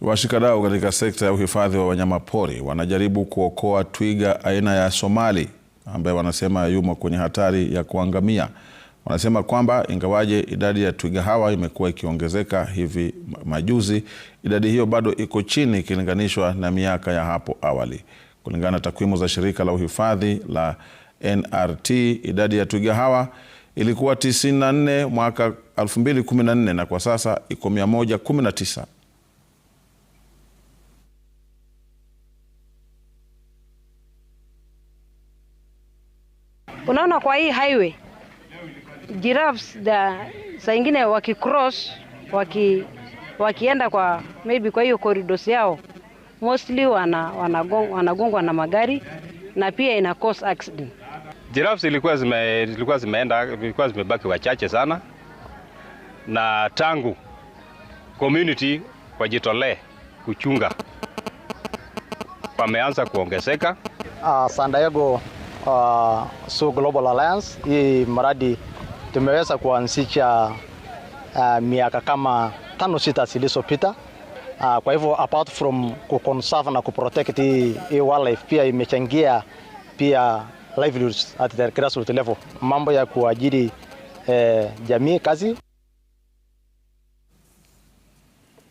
Washikadau katika sekta ya uhifadhi wa wanyamapori wanajaribu kuokoa twiga aina ya Somali ambaye wanasema yumo kwenye hatari ya kuangamia. Wanasema kwamba ingawaje idadi ya twiga hawa imekuwa ikiongezeka hivi majuzi, idadi hiyo bado iko chini ikilinganishwa na miaka ya hapo awali. Kulingana na takwimu za shirika la uhifadhi la NRT, idadi ya twiga hawa ilikuwa 94 mwaka 2014 na kwa sasa iko 119. Unaona, kwa hii highway giraffes da saa ingine wakicross waki, wakienda kwa maybe kwa hiyo corridors yao mostly wana, wanagongwa wanagongwa na magari na pia ina cause accident. Giraffes ilikuwa zime, ilikuwa zimeenda ilikuwa zimebaki wachache sana, na tangu community wajitolee kuchunga wameanza kuongezeka. Uh, Diego uh, Suu Global Alliance. Hii mradi tumeweza kuanzisha uh, miaka kama tano sita zilizopita. Uh, kwa hivyo apart from kuconserve na kuprotect hii, hii wildlife pia imechangia pia livelihoods at the grassroots level, mambo ya kuajiri eh, jamii kazi